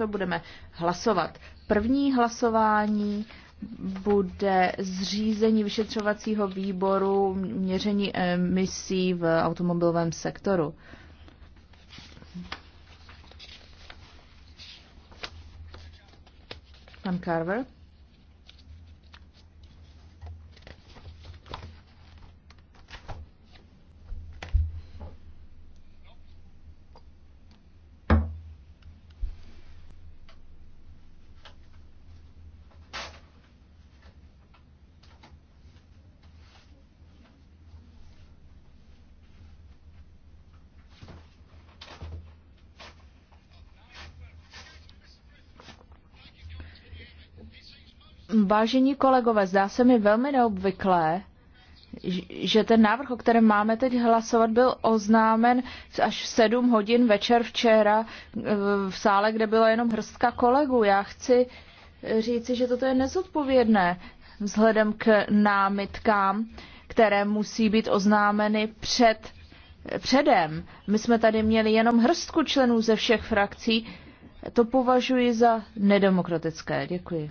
to budeme hlasovat. První hlasování bude zřízení vyšetřovacího výboru měření emisí eh, v automobilovém sektoru. Pan Carver. Vážení kolegové, zdá se mi velmi neobvyklé, že ten návrh, o kterém máme teď hlasovat, byl oznámen až v 7 hodin večer včera e, v sále, kde byla jenom hrstka kolegů. Já chci říci, že toto je nezodpovědné vzhledem k námitkám, které musí být oznámeny před, předem. My jsme tady měli jenom hrstku členů ze všech frakcí. To považuji za nedemokratické. Děkuji.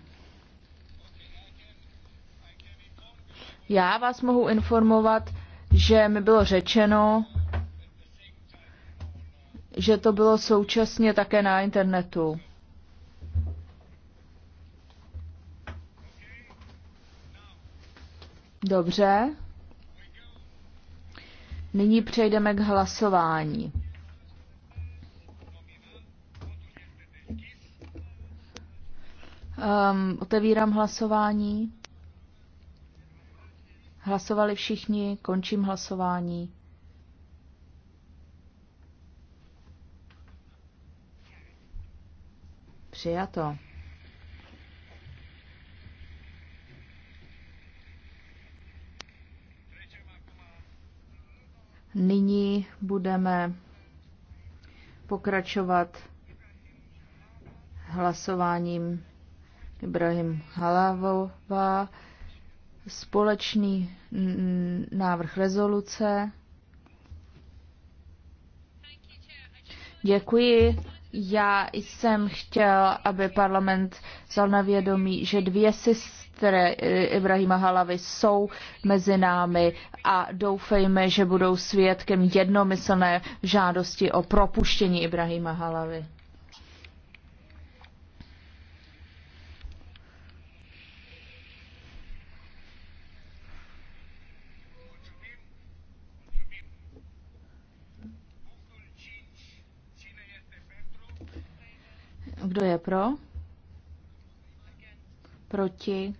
Já vás mohu informovat, že mi bylo řečeno, že to bylo současně také na internetu. Dobře. Nyní přejdeme k hlasování. Um, otevírám hlasování. Hlasovali všichni, končím hlasování. Přijato. Nyní budeme pokračovat hlasováním Ibrahim Halávová společný návrh rezoluce. Děkuji. Já jsem chtěl, aby parlament vzal na vědomí, že dvě sestry eh, Ibrahima Halavy jsou mezi námi a doufejme, že budou svědkem jednomyslné žádosti o propuštění Ibrahima Halavy. Kdo je pro? Proti?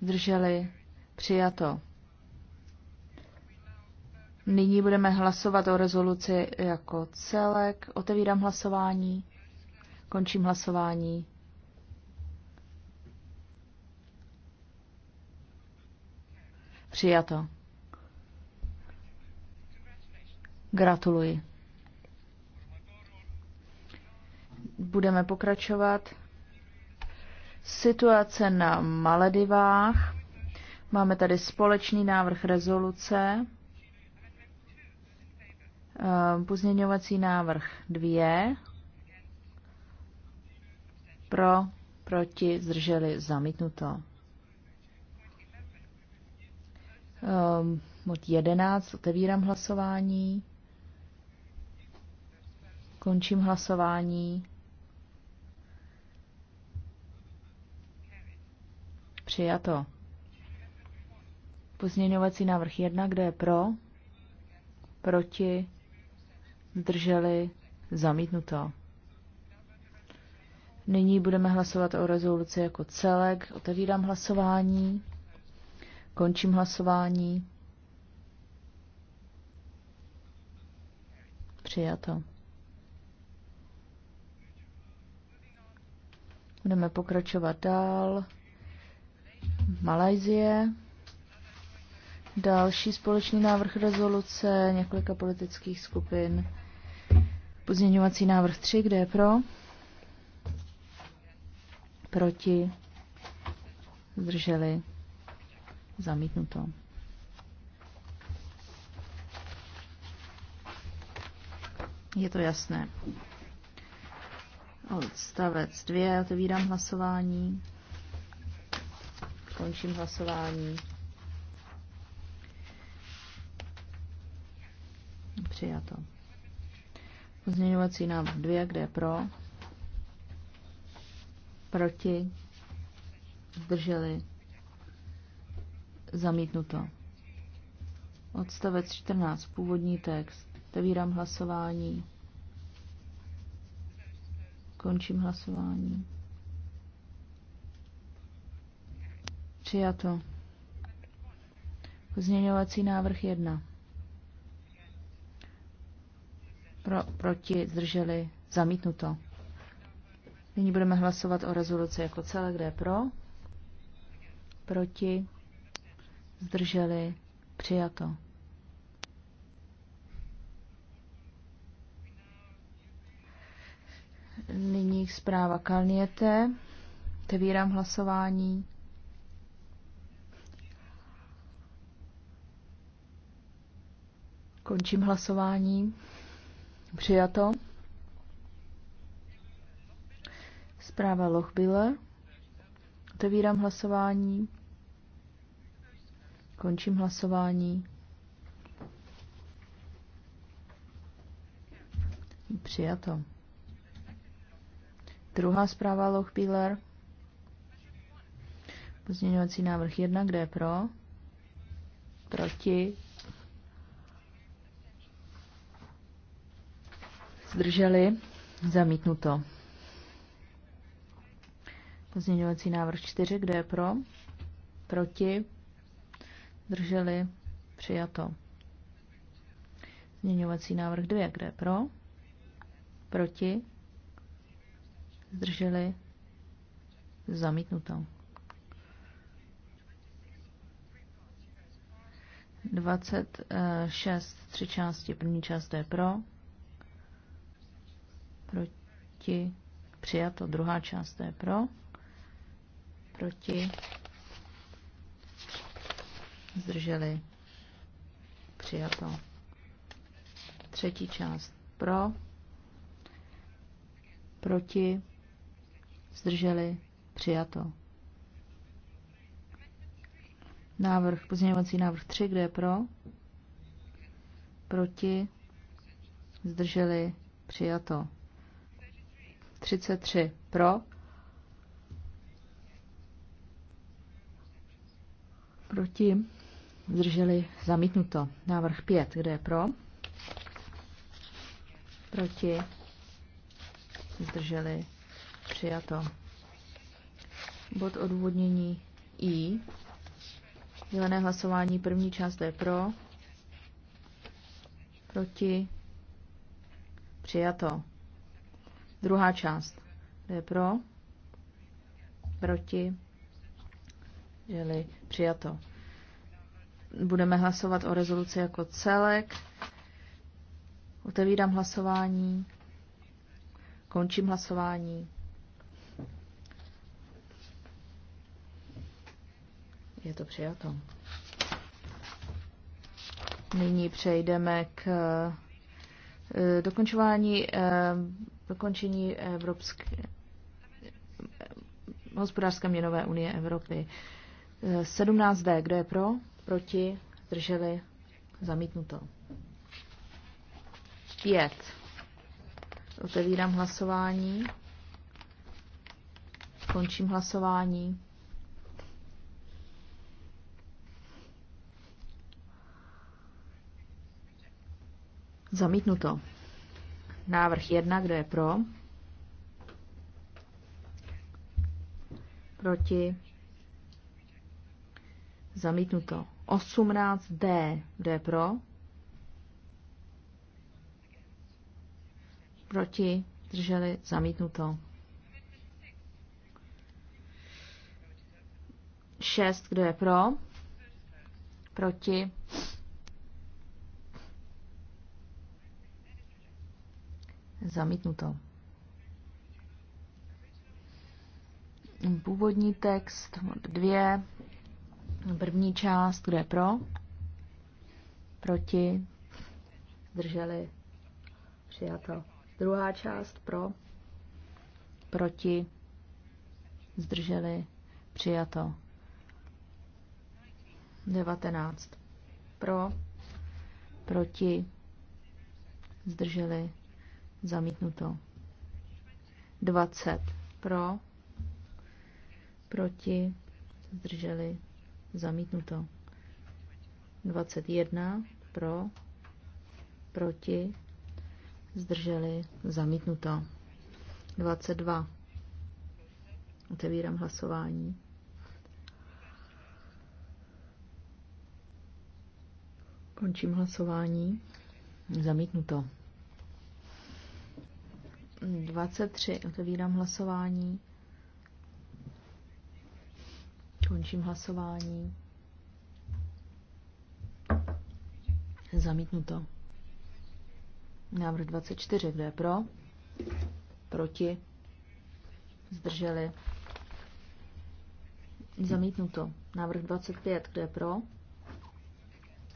Zdrželi? Přijato. Nyní budeme hlasovat o rezoluci jako celek. Otevírám hlasování. Končím hlasování. Přijato. Gratuluji. budeme pokračovat. Situace na Maledivách. Máme tady společný návrh rezoluce. Ehm, pozměňovací návrh 2. Pro, proti, zdrželi, zamítnuto. Mod ehm, 11. Otevírám hlasování. Končím hlasování. Přijato. Pozměňovací návrh 1, kde je pro, proti, zdrželi, zamítnuto. Nyní budeme hlasovat o rezoluci jako celek. Otevírám hlasování. Končím hlasování. Přijato. Budeme pokračovat dál. Malajzie. Další společný návrh rezoluce několika politických skupin. Pozměňovací návrh 3, kde je pro? Proti? Zdrželi? Zamítnuto. Je to jasné. Odstavec 2, otevírám hlasování. Končím hlasování. Přijato. Pozměňovací návrh 2, kde je pro? Proti? Zdrželi? Zamítnuto. Odstavec 14, původní text. Otevírám hlasování. Končím hlasování. Přijato. Pozměňovací návrh 1. Pro, proti zdrželi zamítnuto. Nyní budeme hlasovat o rezoluci jako celé, kde je pro, proti, zdrželi, přijato. Nyní zpráva Kalniete. Otevírám hlasování. Končím hlasování. Přijato. Zpráva Lochbile. Otevírám hlasování. Končím hlasování. Přijato. Druhá zpráva Lochbiller. Pozměňovací návrh 1, kde je pro? Proti? zdrželi, zamítnuto. Pozměňovací návrh 4, kde je pro, proti, zdrželi, přijato. Pozměňovací návrh 2, kde je pro, proti, zdrželi, zamítnuto. 26, eh, tři části, první část je pro, proti, přijato. Druhá část, to je pro, proti, zdrželi, přijato. Třetí část, pro, proti, zdrželi, přijato. Návrh, pozměňovací návrh 3, kde je pro? Proti? Zdrželi? Přijato. 33 pro, proti, zdrželi zamítnuto. Návrh 5, kde je pro, proti, zdrželi přijato. Bod odůvodnění I. Dělené hlasování první část je pro, proti, přijato. Druhá část. Kdo je pro? Proti? Jeli přijato. Budeme hlasovat o rezoluci jako celek. Otevírám hlasování. Končím hlasování. Je to přijato. Nyní přejdeme k eh, dokončování eh, dokončení Evropské hospodářské měnové unie Evropy. 17D, kdo je pro, proti, drželi, zamítnuto. 5. Otevírám hlasování. Končím hlasování. Zamítnuto. Návrh 1, kdo je pro? Proti? Zamítnuto. 18D, kdo je pro? Proti? Drželi? Zamítnuto. 6, kdo je pro? Proti? Zamítnuto. Původní text dvě. První část, kde je pro? Proti? zdrželi Přijato. Druhá část pro? Proti? Zdrželi? Přijato. 19. Pro? Proti? Zdrželi? Zamítnuto. 20 pro, proti, zdrželi, zamítnuto. 21 pro, proti, zdrželi, zamítnuto. 22. Otevírám hlasování. Končím hlasování. Zamítnuto. 23. Otevírám hlasování. Končím hlasování. Zamítnuto. Návrh 24. Kdo je pro? Proti? Zdrželi? Zamítnuto. Návrh 25. Kdo je pro?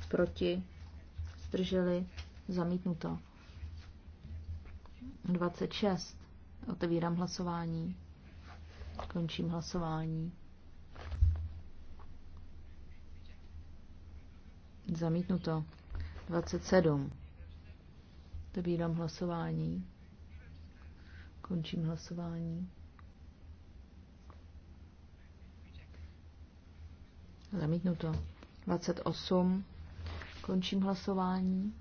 Proti? Zdrželi? Zamítnuto. 26. Otevírám hlasování. Končím hlasování. Zamítnuto. 27. Otevírám hlasování. Končím hlasování. Zamítnuto. 28. Končím hlasování.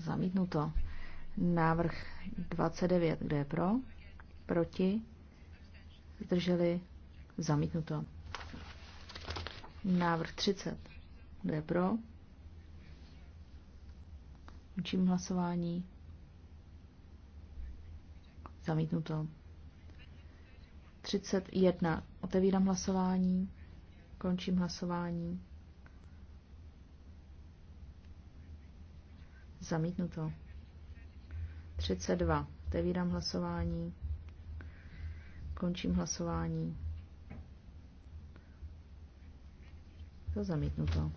Zamítnuto. Návrh 29. kde je pro? Proti? Zdrželi? Zamítnuto. Návrh 30. kde je pro? Učím hlasování. Zamítnuto. 31. Otevírám hlasování. Končím hlasování. Zamítnuto. 32. Otevírám hlasování. Končím hlasování. To zamítnuto.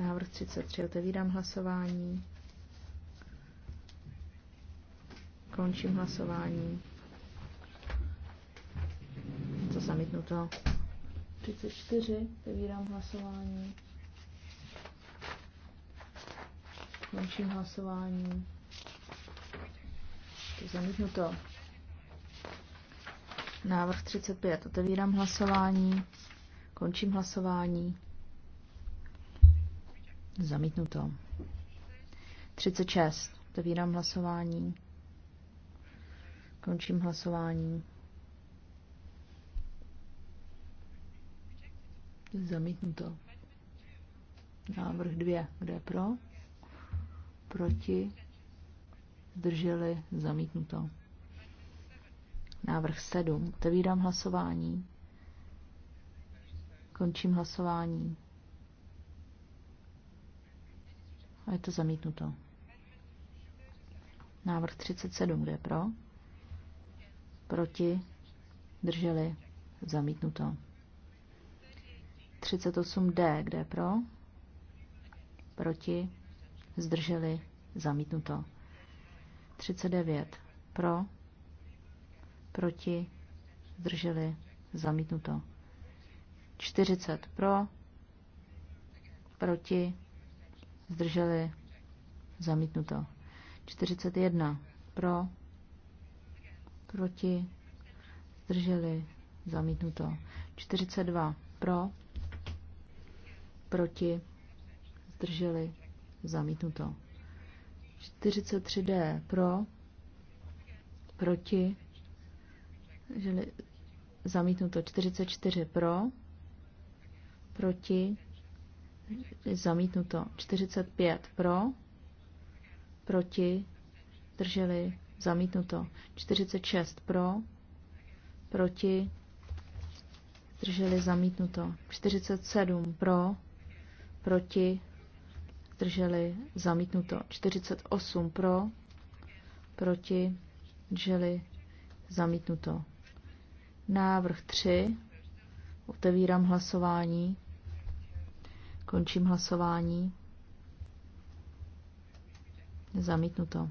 Návrh 33. Otevírám hlasování. Končím hlasování. To zamítnuto. 34. Otevírám hlasování. Končím hlasování. Zamítnuto. Návrh 35. Otevírám hlasování. Končím hlasování. Zamítnuto. 36. Otevírám hlasování. Končím hlasování. Zamítnuto. Návrh 2. Kde je pro? proti, zdrželi, zamítnuto. Návrh 7. Otevírám hlasování. Končím hlasování. A je to zamítnuto. Návrh 37, kde je pro? Proti? Drželi? Zamítnuto. 38D, kde je pro? Proti? zdrželi, zamítnuto. 39 pro, proti, zdrželi, zamítnuto. 40 pro, proti, zdrželi, zamítnuto. 41 pro, proti, zdrželi, zamítnuto. 42 pro, proti, zdrželi, Zamítnuto. 43D pro, proti, žili, zamítnuto. 44 pro, proti, zamítnuto. 45 pro, proti, drželi, zamítnuto. 46 pro, proti, drželi zamítnuto. 47 pro, proti, zdrželi, zamítnuto. 48 pro, proti, zdrželi, zamítnuto. Návrh 3. Otevírám hlasování. Končím hlasování. Zamítnuto.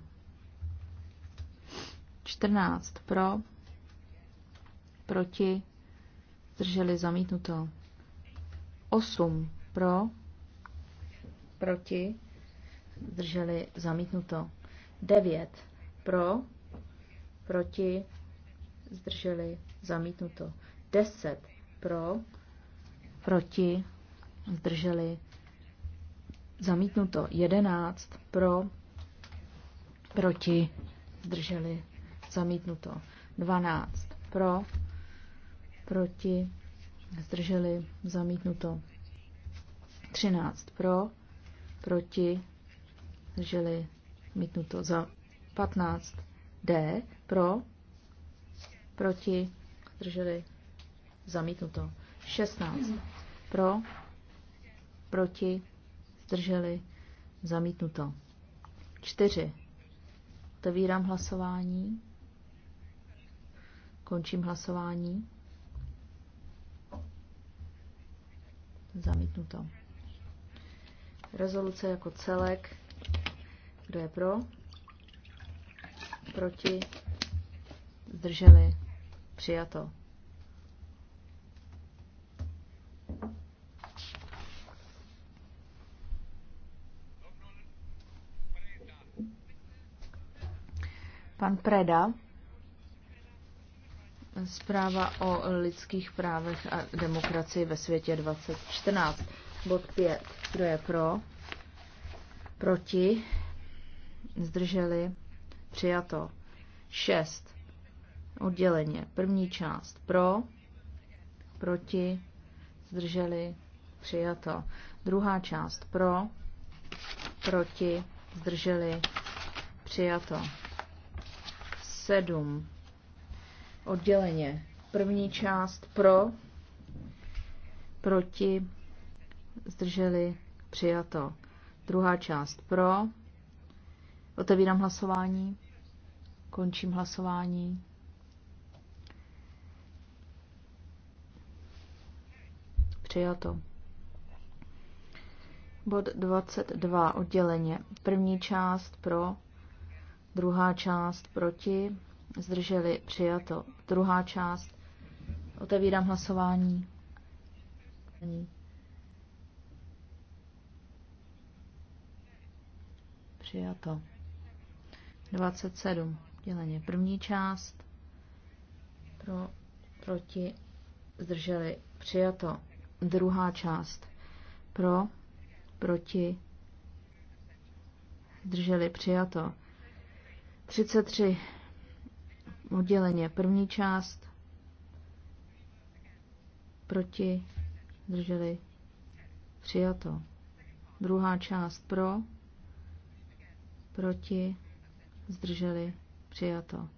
14 pro, proti, zdrželi zamítnuto. 8 pro, proti, zdrželi zamítnuto. 9 pro, proti, zdrželi zamítnuto. 10 pro, proti, zdrželi zamítnuto. 11 pro, proti, zdrželi zamítnuto. 12 pro, proti, zdrželi zamítnuto. 13 pro, proti, zdrželi, mítnuto za 15 D, pro, proti, zdrželi, zamítnuto 16 pro, proti, zdrželi, zamítnuto 4. Otevírám hlasování. Končím hlasování. Zamítnuto. Rezoluce jako celek. Kdo je pro? Proti? Zdrželi? Přijato. Pan Preda, zpráva o lidských právech a demokracii ve světě 2014, bod 5. Kdo je pro? Proti? Zdrželi? Přijato. 6. Odděleně. První část. Pro? Proti? Zdrželi? Přijato. Druhá část. Pro? Proti? Zdrželi? Přijato. 7. Odděleně. První část. Pro? Proti? zdrželi, Přijato. Druhá část pro. Otevírám hlasování. Končím hlasování. Přijato. Bod 22. Odděleně. První část pro, druhá část proti. Zdrželi přijato. Druhá část. Otevírám hlasování. Není. Přijato. 27. Děleně. První část. Pro, proti. Zdrželi. Přijato. Druhá část. Pro. Proti. Zdrželi. Přijato. 33. Odděleně. První část. Proti. Zdrželi. Přijato. Druhá část pro proti, zdrželi, přijato.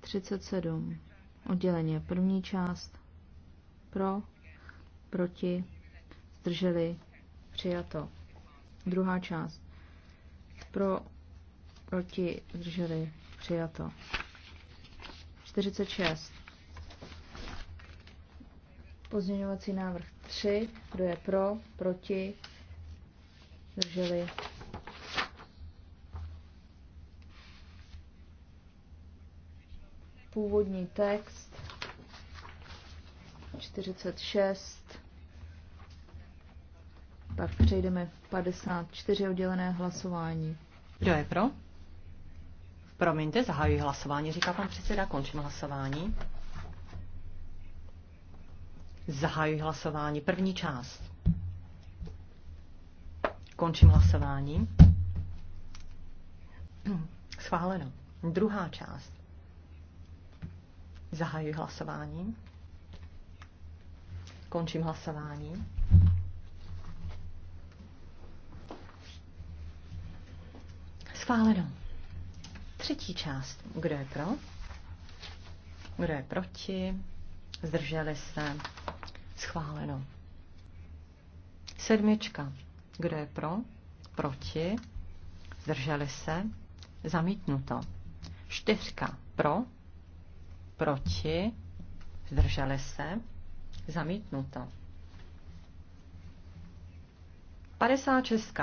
37. Odděleně první část, pro, proti, zdrželi, přijato. Druhá část, pro, proti, zdrželi, přijato. 46. Pozměňovací návrh 3. Kdo je pro, proti, zdrželi, Původní text 46. Pak přejdeme 54 oddělené hlasování. Kdo je pro? Promiňte, zahajuji hlasování, říká pan předseda, končím hlasování. Zahajuji hlasování, první část. Končím hlasování. Schváleno. Druhá část. Zahajuji hlasování. Končím hlasování. Schváleno. Třetí část. Kdo je pro? Kdo je proti? Zdrželi se. Schváleno. Sedmička. Kdo je pro? Proti? Zdrželi se? Zamítnuto. Čtyřka. Pro? proti, zdrželi se, zamítnuto. 56.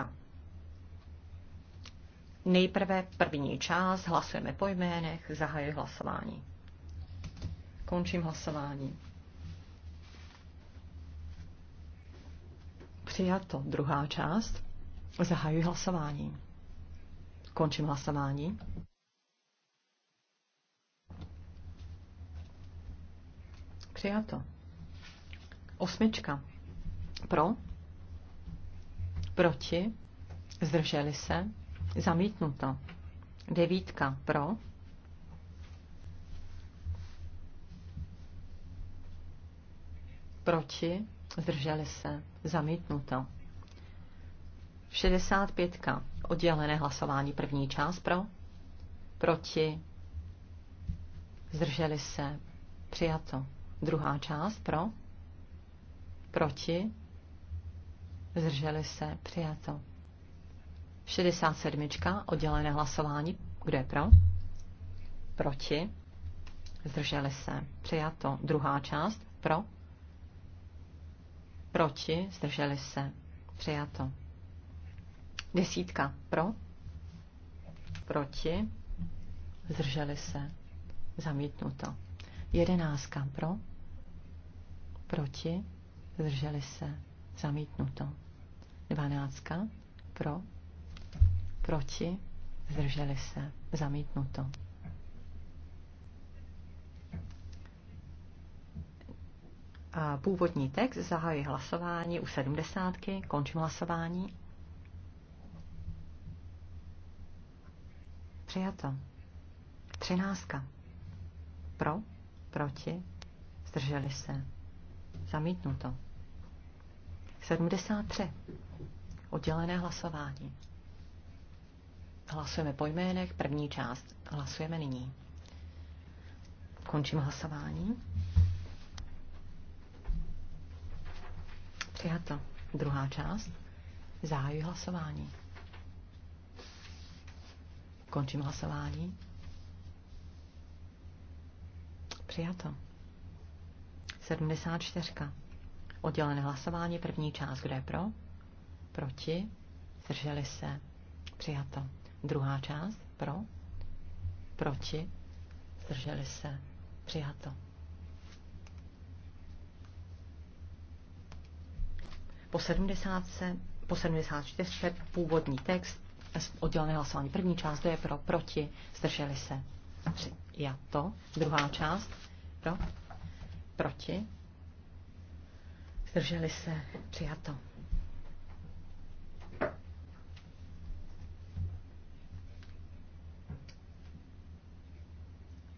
Nejprve první část, hlasujeme po jménech, zahajuji hlasování. Končím hlasování. Přijato druhá část. Zahajuji hlasování. Končím hlasování. Přijato. Osmička. Pro. Proti. Zdrželi se. Zamítnuto. Devítka. Pro. Proti. Zdrželi se. Zamítnuto. 65. Oddělené hlasování první část pro. Proti. Zdrželi se. Přijato. Druhá část pro, proti, zdrželi se, přijato. 67. oddělené hlasování, kdo je pro, proti, zdrželi se, přijato. Druhá část pro, proti, zdrželi se, přijato. Desítka pro, proti, zdrželi se, zamítnuto. Jedenáctka pro, proti, zdrželi se, zamítnuto. Dvanáctka, pro, proti, zdrželi se, zamítnuto. A původní text zahájí hlasování u sedmdesátky, končím hlasování. Přijato. Třináctka. Pro, proti, zdrželi se, Zamítnuto. 73. Oddělené hlasování. Hlasujeme po jménech, první část. Hlasujeme nyní. Končím hlasování. Přijato. Druhá část. Zahajuji hlasování. Končím hlasování. Přijato. 74. Oddělené hlasování, první část, kdo je pro? Proti? Zdrželi se? Přijato. Druhá část, pro? Proti? Zdrželi se? Přijato. Po 70, po 74 původní text, oddělené hlasování. První část, kdo je pro, proti, zdrželi se. Přijato. Druhá část, pro, Proti? Zdrželi se. Přijato.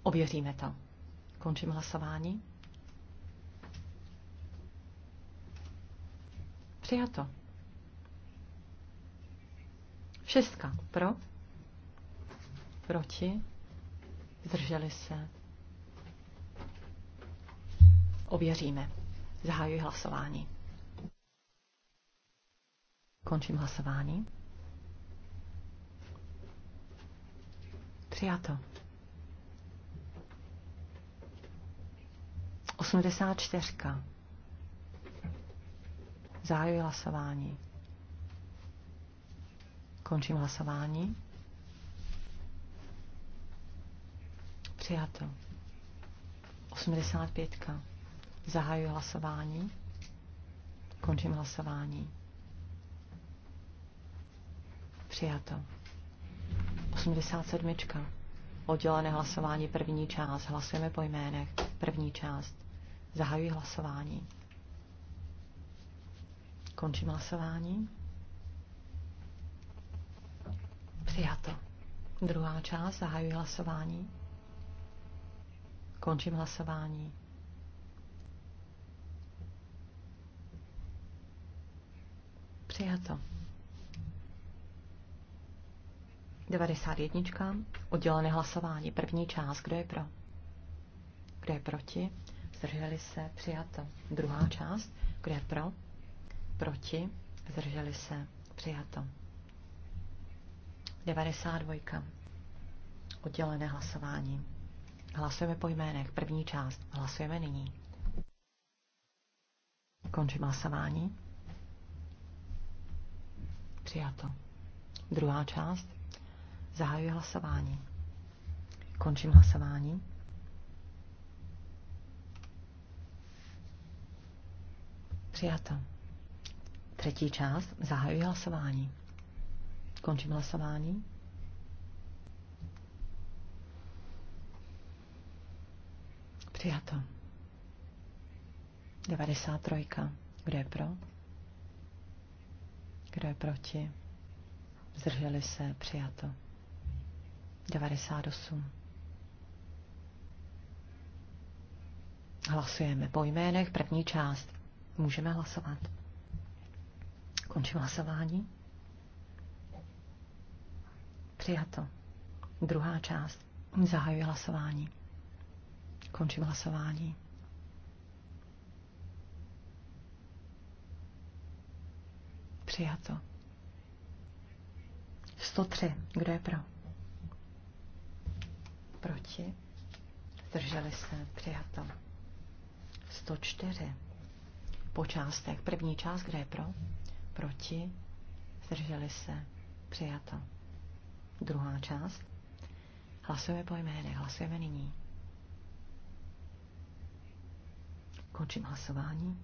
Ověříme to. Končím hlasování. Přijato. Šestka. Pro? Proti? Zdrželi se. Ověříme. Zahajuji hlasování. Končím hlasování. Přijato. 84. Zahajuji hlasování. Končím hlasování. Přijato. 85. Zahajuji hlasování. Končím hlasování. Přijato. 87. Oddělené hlasování první část. Hlasujeme po jménech. První část. Zahajuji hlasování. Končím hlasování. Přijato. Druhá část. Zahajuji hlasování. Končím hlasování. Přijato. 91. Oddělené hlasování. První část. Kdo je pro? Kdo je proti? Zdrželi se. Přijato. Druhá část. Kdo je pro? Proti? Zdrželi se. Přijato. 92. Oddělené hlasování. Hlasujeme po jménech. První část. Hlasujeme nyní. Končím hlasování. Přijato. Druhá část. Zahajuji hlasování. Končím hlasování. Přijato. Třetí část. Zahajuji hlasování. Končím hlasování. Přijato. 93. Kdo je pro? Kdo je proti? Zdrželi se, přijato. 98. Hlasujeme po jménech, první část. Můžeme hlasovat. Končím hlasování. Přijato. Druhá část. Zahajuji hlasování. Končím hlasování. Přijato. 103. Kdo je pro? Proti? Zdrželi se. Přijato. 104. Po částech. První část, kde je pro? Proti? Zdrželi se. Přijato. Druhá část. Hlasujeme po jménech. Hlasujeme nyní. Končím hlasování.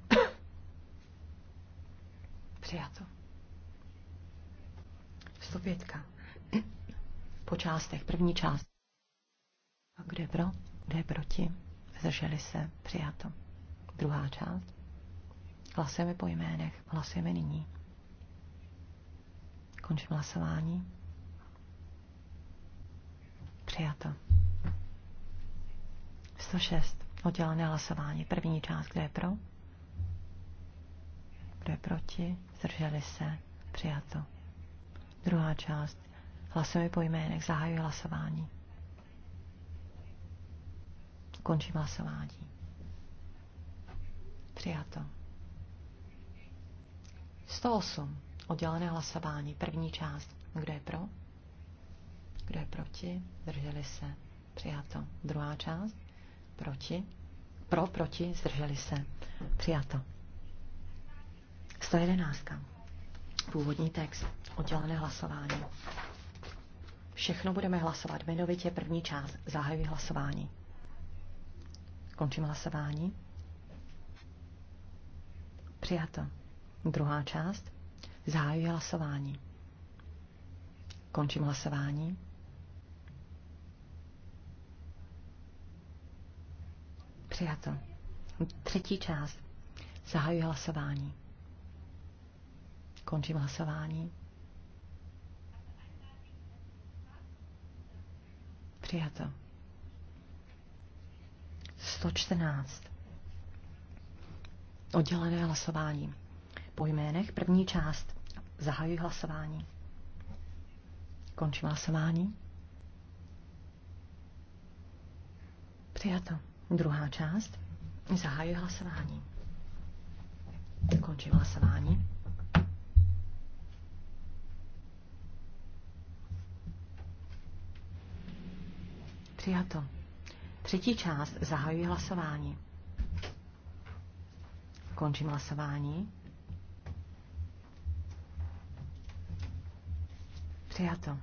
Přijato. 105. Po částech. První část. A kde pro? kde je proti? zrželi se. Přijato. Druhá část. Hlasujeme po jménech. Hlasujeme nyní. Končím hlasování. Přijato. 106. Oddělené hlasování. První část. kde je pro? Kdo je proti? Zdrželi se. Přijato. Druhá část. Hlasujeme po jménech. Zahajuji hlasování. Končím hlasování. Přijato. 108. Oddělené hlasování. První část. Kdo je pro? Kdo je proti? Zdrželi se. Přijato. Druhá část. Proti? Pro, proti, zdrželi se. Přijato. 111. Původní text. Oddělené hlasování. Všechno budeme hlasovat jmenovitě první část. Zahajuji hlasování. Končím hlasování. Přijato. Druhá část. Zahajuji hlasování. Končím hlasování. Přijato. Třetí část. Zahajuji hlasování. Končím hlasování. Přijato. 114. Oddělené hlasování. Po jménech první část. Zahajuji hlasování. Končím hlasování. Přijato. Druhá část. Zahajuji hlasování. Končím hlasování. Přijato. Třetí část. Zahajuji hlasování. Končím hlasování. Přijato.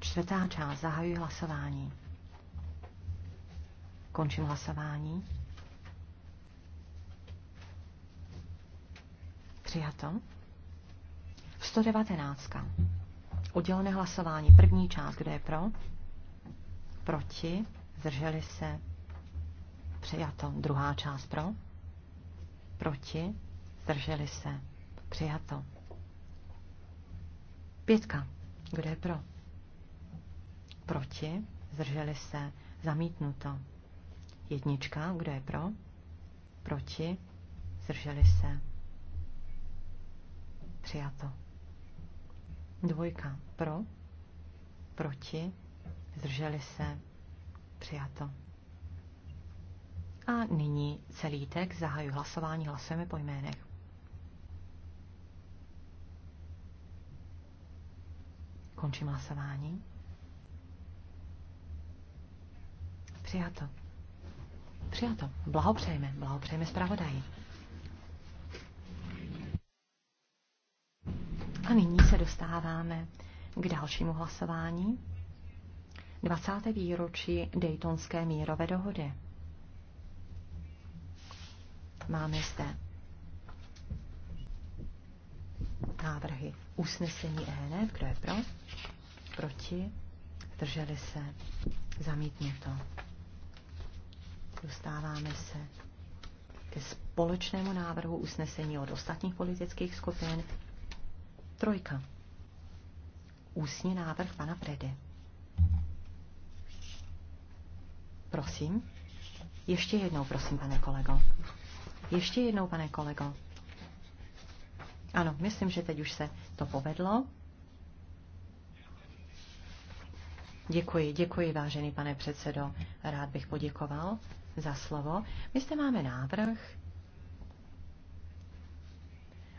Čtvrtá část. Zahajuji hlasování. Končím hlasování. Přijato. 119. Oddělené hlasování. První část. Kdo je pro? proti, zdrželi se, přijato. Druhá část pro, proti, zdrželi se, přijato. Pětka, kdo je pro? Proti, zdrželi se, zamítnuto. Jednička, kdo je pro? Proti, zdrželi se, přijato. Dvojka, pro, proti, zdrželi se, přijato. A nyní celý text zahaju hlasování, hlasujeme po jménech. Končím hlasování. Přijato. Přijato. Blahopřejme. Blahopřejme zpravodaji. A nyní se dostáváme k dalšímu hlasování. 20. výročí Daytonské mírové dohody. Máme zde návrhy usnesení ENF, e. kdo je pro, proti, drželi se, to. Dostáváme se ke společnému návrhu usnesení od ostatních politických skupin. Trojka. Ústní návrh pana Predy. Prosím. Ještě jednou, prosím, pane kolego. Ještě jednou, pane kolego. Ano, myslím, že teď už se to povedlo. Děkuji, děkuji, vážený pane předsedo. Rád bych poděkoval za slovo. My zde máme návrh.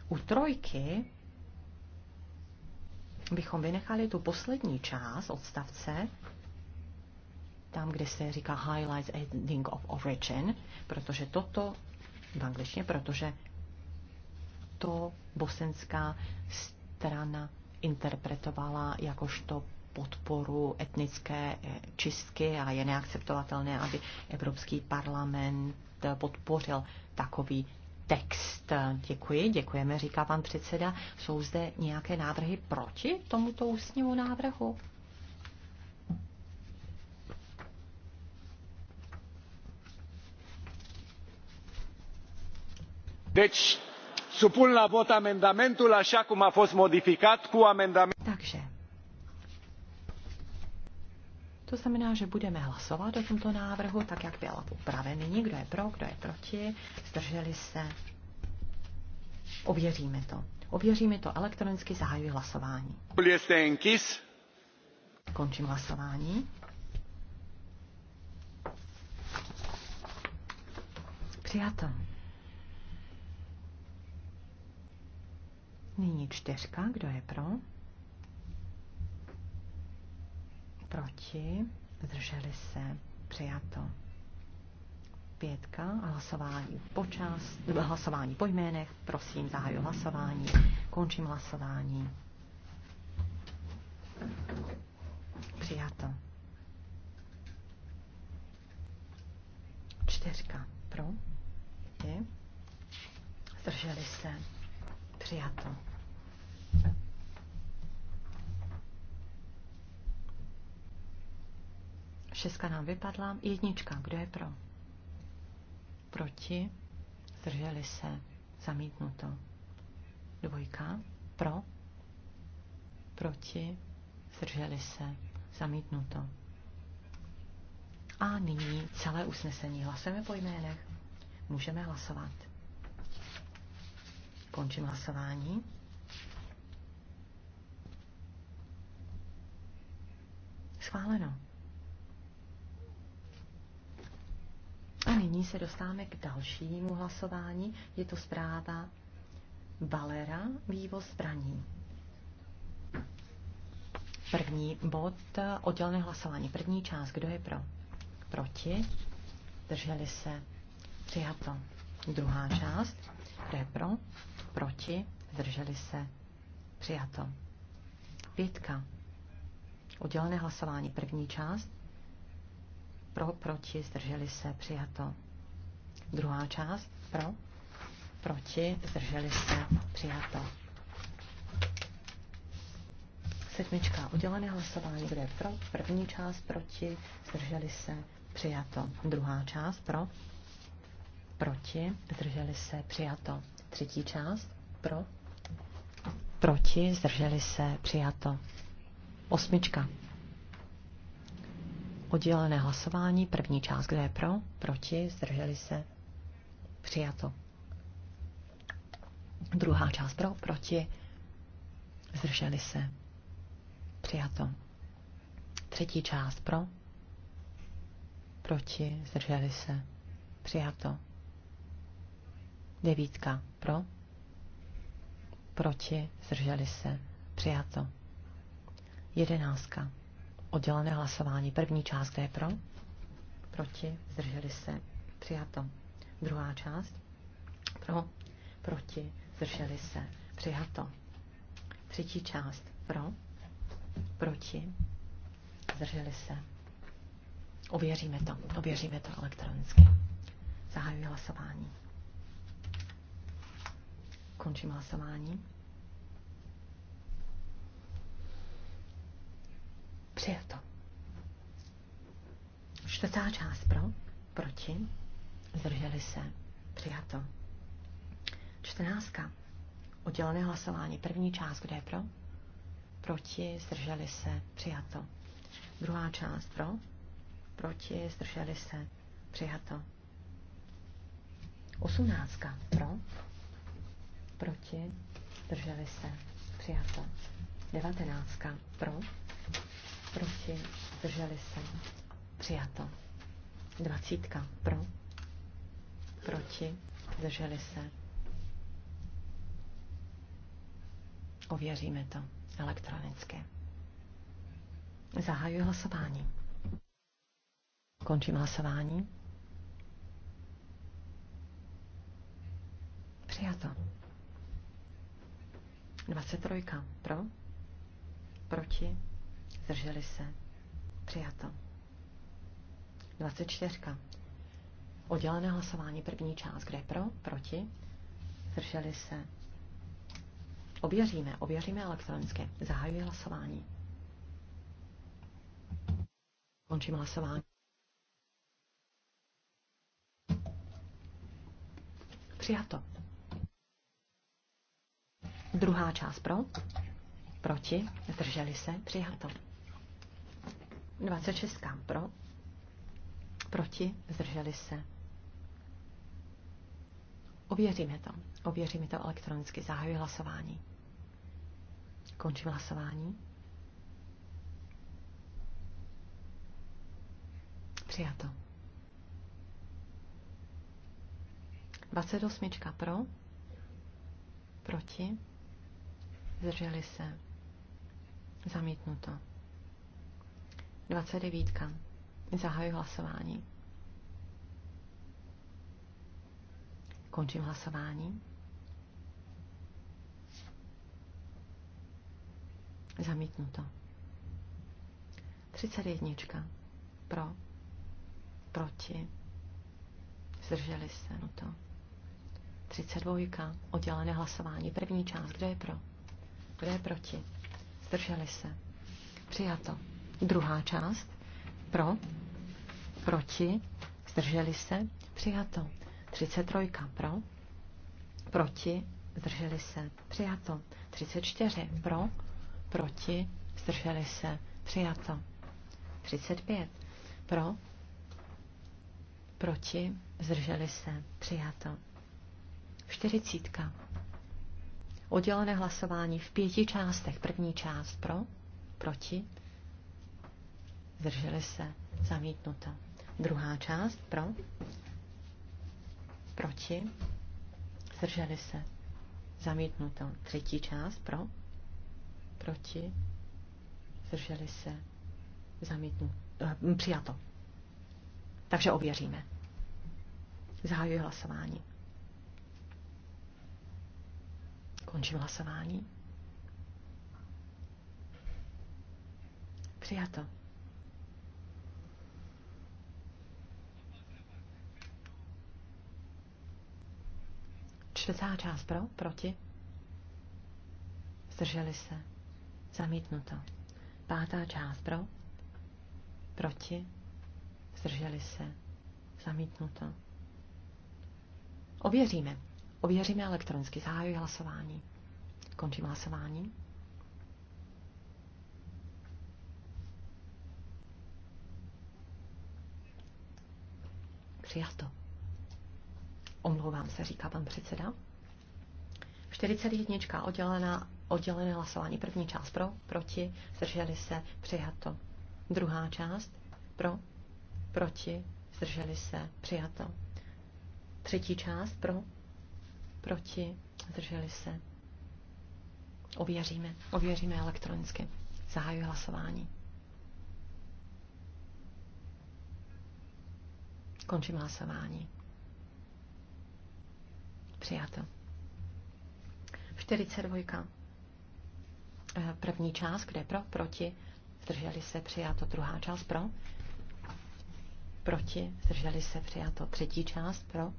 U trojky bychom vynechali tu poslední část odstavce, tam, kde se říká highlights ending of origin, protože toto v angličtině, protože to bosenská strana interpretovala jakožto podporu etnické eh, čistky a je neakceptovatelné, aby Evropský parlament eh, podpořil takový text. Děkuji, děkujeme, říká pan předseda. Jsou zde nějaké návrhy proti tomuto ústnímu návrhu? Deci, supun la vot amendamentul așa cum a fost modificat cu amendament. Takže. To znamená, že budeme hlasovat o tomto návrhu, tak jak byl upravený. Kdo je pro, kdo je proti, zdrželi se. Ověříme to. Ověříme to elektronicky, zahajuji hlasování. Končím hlasování. Přijato. Nyní čtyřka, kdo je pro? Proti, zdrželi se, přijato. Pětka, hlasování po část, hlasování po jménech, prosím, zahaju hlasování, končím hlasování. Přijato. Čtyřka pro, zdrželi se, Přijato. Šestka nám vypadla. Jednička, kdo je pro? Proti. Zdrželi se. Zamítnuto. Dvojka. Pro. Proti. Zdrželi se. Zamítnuto. A nyní celé usnesení. Hlasujeme po jménech. Můžeme hlasovat. Končím hlasování. Schváleno. A nyní se dostáváme k dalšímu hlasování. Je to zpráva Valera, vývoz zbraní. První bod, oddělené hlasování. První část, kdo je pro? Proti? Drželi se? Přijato. Druhá část, kdo je pro? proti, zdrželi se, přijato. Pětka. Udělené hlasování první část. Pro, proti, zdrželi se, přijato. Druhá část. Pro, proti, zdrželi se, přijato. Sedmička. Udělené hlasování, kde pro, první část, proti, zdrželi se, přijato. Druhá část, pro, proti, zdrželi se, přijato. Třetí část. Pro. Proti. Zdrželi se. Přijato. Osmička. Oddělené hlasování. První část. Kdo je pro? Proti. Zdrželi se. Přijato. Druhá část. Pro. Proti. Zdrželi se. Přijato. Třetí část. Pro. Proti. Zdrželi se. Přijato. Devítka pro. Proti. Zdrželi se. Přijato. Jedenáctka. Oddělené hlasování. První část, kde je pro? Proti. Zdrželi se. Přijato. Druhá část. Pro. Proti. Zdrželi se. Přijato. Třetí část. Pro. Proti. Zdrželi se. Ověříme to. Ověříme to elektronicky. Zahajuji hlasování. Končím hlasování. Přijato. Čtvrtá část pro, proti, zdrželi se, přijato. Čtrnáctka. Oddělené hlasování. První část, kde je pro? Proti, zdrželi se, přijato. Druhá část pro, proti, zdrželi se, přijato. Osmnáctka pro, proti, drželi se, přijato. Devatenáctka pro, proti, drželi se, přijato. Dvacítka pro, proti, drželi se. Ověříme to elektronicky. Zahajuji hlasování. Končím hlasování. Přijato. 23. Pro? Proti? Zdrželi se? Přijato. 24. Oddělené hlasování první část. Kde pro? Proti? Zdrželi se? Ověříme, ověříme elektronicky. Zahajuji hlasování. Končím hlasování. Přijato. Druhá část pro, proti, zdrželi se, přijato. 26 pro, proti, zdrželi se. Ověříme to. Ověříme to elektronicky. Zahajuji hlasování. Končím hlasování. Přijato. 28 pro, proti, zdrželi se, zamítnuto. 29. Zahajuji hlasování. Končím hlasování. Zamítnuto. 31. Pro. Proti. Zdrželi se. No to. 32. Oddělené hlasování. První část. Kdo je pro? Kdo je proti? Zdrželi se. Přijato. Druhá část. Pro. Proti. Zdrželi se. Přijato. 33. Pro. Proti. Zdrželi se. Přijato. 34. Pro. Proti. Zdrželi se. Přijato. 35. Pro. Proti. Zdrželi se. Přijato. 40 oddělené hlasování v pěti částech. První část pro, proti, zdrželi se, zamítnuta. Druhá část pro, proti, zdrželi se, zamítnuto. Třetí část pro, proti, zdrželi se, zamítnuto. Eh, přijato. Takže ověříme. Zahajuji hlasování. Končím hlasování. Přijato. Čtvrtá část pro, proti. Zdrželi se. Zamítnuto. Pátá část pro, proti. Zdrželi se. Zamítnuto. Ověříme. Ověříme elektronicky. Zahajuji hlasování. Končím hlasování. Přijato. Omlouvám se, říká pan předseda. 41. oddělená, oddělené hlasování. První část pro, proti, zdrželi se, přijato. Druhá část pro, proti, zdrželi se, přijato. Třetí část pro, proti, zdrželi se. Ověříme, ověříme elektronicky. Zahajuji hlasování. Končím hlasování. Přijato. 42. Eh, první část, kde pro, proti, zdrželi se, přijato. Druhá část pro, proti, zdrželi se, přijato. Třetí část pro,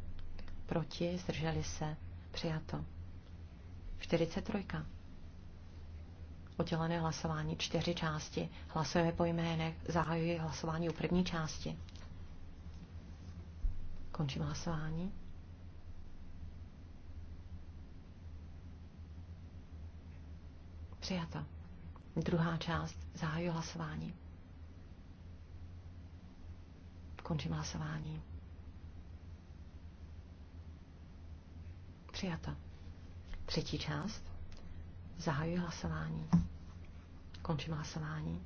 proti, zdrželi se, Přijato. 43. Oddělené hlasování, čtyři části. Hlasujeme po jménech, zahajuji hlasování u první části. Končím hlasování. Přijato. Druhá část. Zahajuji hlasování. Končím hlasování. Přijata. Třetí část. Zahajuji hlasování. Končím hlasování.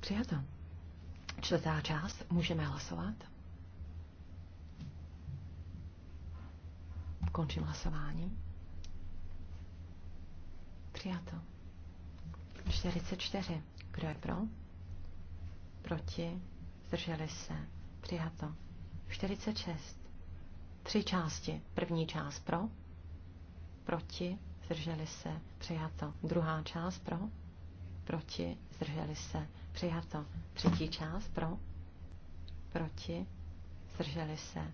Přijato. Čtvrtá část. Můžeme hlasovat. Končím hlasování. Přijato. 44. Kdo je pro? Proti? Zdrželi se. Přijato. 46. Tři části. První část pro? Proti? Zdrželi se. Přijato. Druhá část pro? Proti? Zdrželi se. Přijato. Třetí část pro? Proti? Zdrželi se.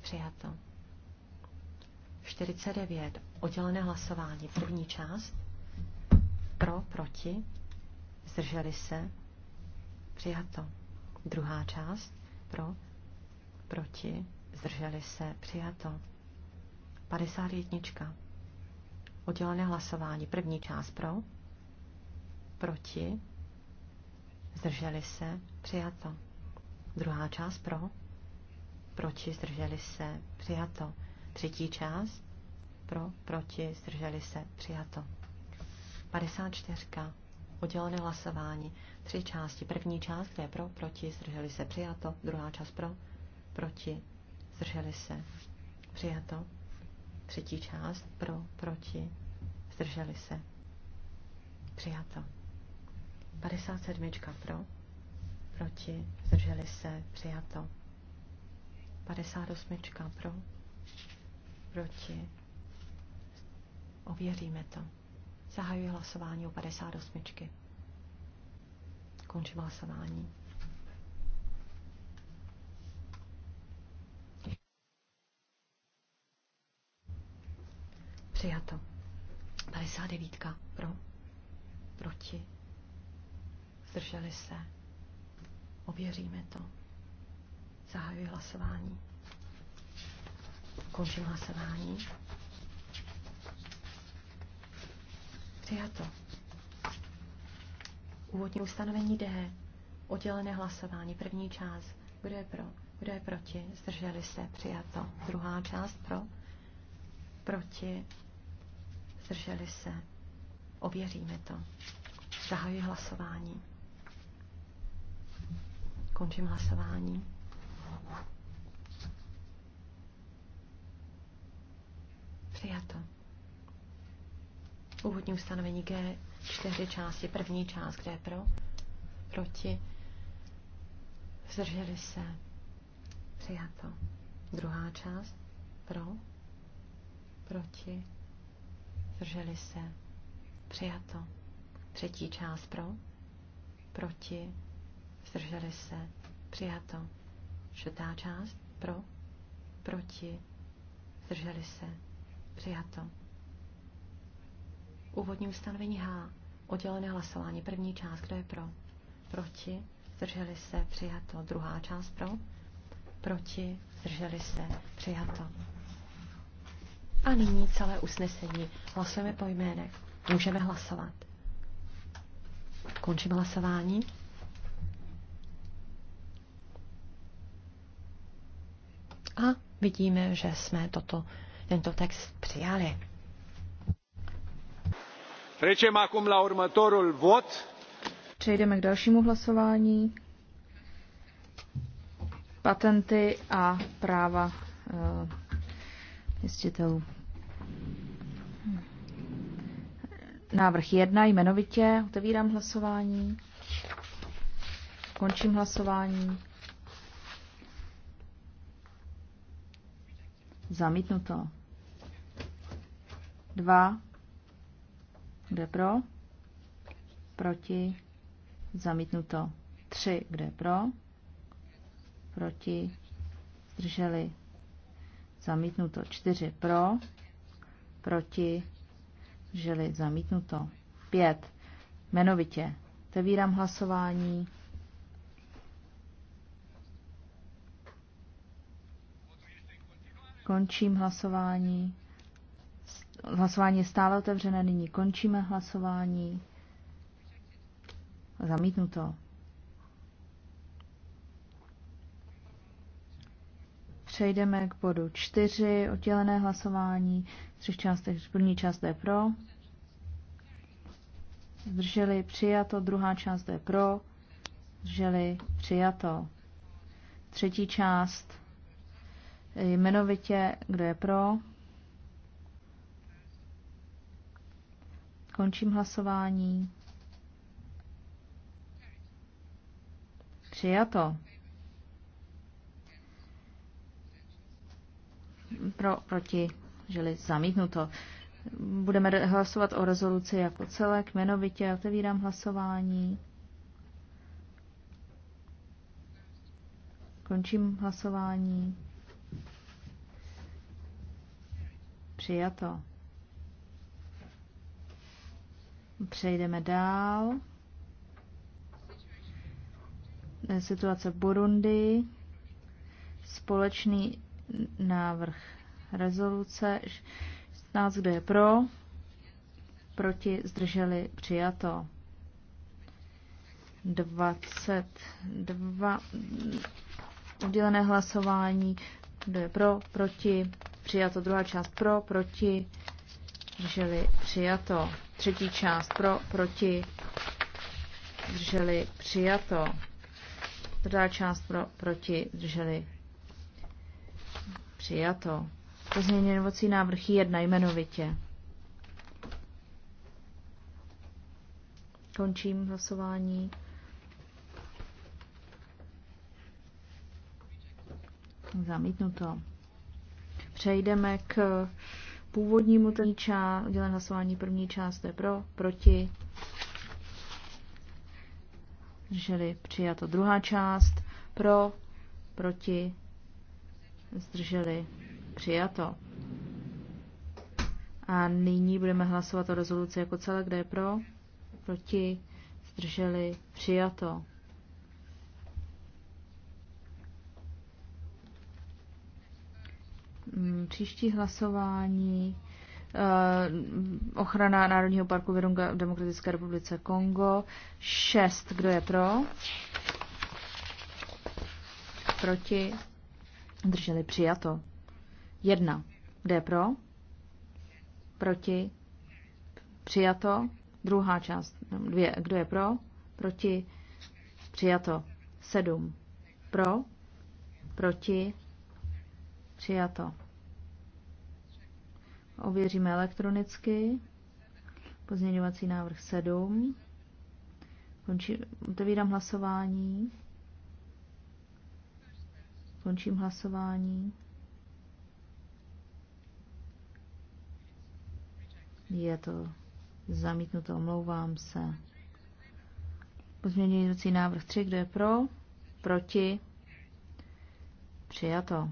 Přijato. 49. Oddělené hlasování. První část pro, proti, zdrželi se, přijato. Druhá část, pro, proti, zdrželi se, přijato. 51. Oddělené hlasování. První část pro, proti, zdrželi se, přijato. Druhá část pro, proti, zdrželi se, přijato. Třetí část pro, proti, zdrželi se, přijato. 54. Oddělené hlasování. Tři části. První část, kde je pro, proti, zdrželi se, přijato. Druhá část pro, proti, zdrželi se, přijato. Třetí část pro, proti, zdrželi se, přijato. 57. pro, proti, zdrželi se, přijato. 58. pro, proti, ověříme to. Zahajuji hlasování o 58. Končím hlasování. Přijato. 59. Pro. Proti. Zdrželi se. Ověříme to. Zahajuji hlasování. Končím hlasování. Přijato. Úvodní ustanovení D. Oddělené hlasování. První část. Kdo je pro? Kdo je proti? Zdrželi se. Přijato. Druhá část pro. Proti. Zdrželi se. Ověříme to. Zahajuji hlasování. Končím hlasování. Přijato. Úvodní ustanovení G4 části, první část, kde je pro, proti, zdrželi se, přijato. Druhá část, pro, proti, zdrželi se, přijato. Třetí část pro, proti, zdrželi se, přijato. Čtvrtá část pro, proti, zdrželi se, přijato. Úvodní ustanovení H. Oddělené hlasování. První část, kdo je pro? Proti. Zdrželi se. Přijato. Druhá část pro? Proti. Zdrželi se. Přijato. A nyní celé usnesení. Hlasujeme po jménech. Můžeme hlasovat. Končím hlasování. A vidíme, že jsme toto, tento text přijali. Přejdeme k dalšímu hlasování. Patenty a práva pěstitelů. Eh, Návrh jedna jmenovitě. Otevírám hlasování. Končím hlasování. Zamítnuto. Dva kde pro, proti, zamítnuto. 3, kde pro, proti, zdrželi, zamítnuto. 4, pro, proti, zdrželi, zamítnuto. 5, jmenovitě. Otevírám hlasování. Končím hlasování. Hlasování je stále otevřené, nyní končíme hlasování. Zamítnuto. Přejdeme k bodu 4, oddělené hlasování. V třech částech, první část je pro. Zdrželi přijato, druhá část je pro. Zdrželi přijato. Třetí část jmenovitě, kdo je pro. Končím hlasování. Přijato. Pro, proti, žili zamítnuto. Budeme hlasovat o rezoluci jako celek, jmenovitě. Otevírám hlasování. Končím hlasování. Přijato. Přejdeme dál. Situace v Burundi. Společný návrh rezoluce. 16, kdo je pro? Proti zdrželi přijato. 22 udělené hlasování. Kdo je pro? Proti? Přijato. Druhá část pro? Proti? Zdrželi přijato. Třetí část pro, proti, drželi přijato. Třetá část pro, proti, drželi přijato. Pozměňovací návrh jedna jmenovitě. Končím hlasování. Zamítnuto. Přejdeme k původnímu ten část, udělám hlasování první část, to je pro, proti. Zdrželi přijato druhá část, pro, proti, zdrželi přijato. A nyní budeme hlasovat o rezoluci jako celé, kde je pro, proti, zdrželi přijato. Mm, příští hlasování eh, ochrana Národního parku Virunga v Demokratické republice Kongo. Šest, Kdo je pro? Proti? Drželi přijato. Jedna, Kdo je pro? Proti? Přijato. Druhá část. Dvě. Kdo je pro? Proti? Přijato. Sedm. Pro? Proti? Přijato. Ověříme elektronicky. Pozměňovací návrh 7. Končí, otevírám hlasování. Končím hlasování. Je to zamítnuto, omlouvám se. Pozměňující návrh 3, kdo je pro? Proti? Přijato.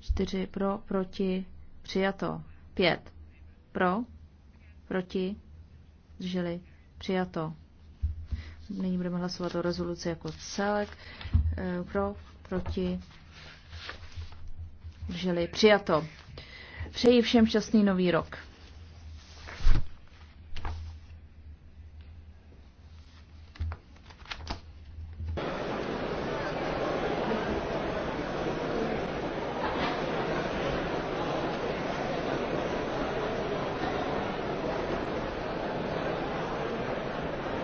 4 pro, proti, přijato. 5 pro, proti, drželi přijato. Nyní budeme hlasovat o rezoluci jako celek. Eh, pro, proti, drželi přijato. Přeji všem šťastný nový rok.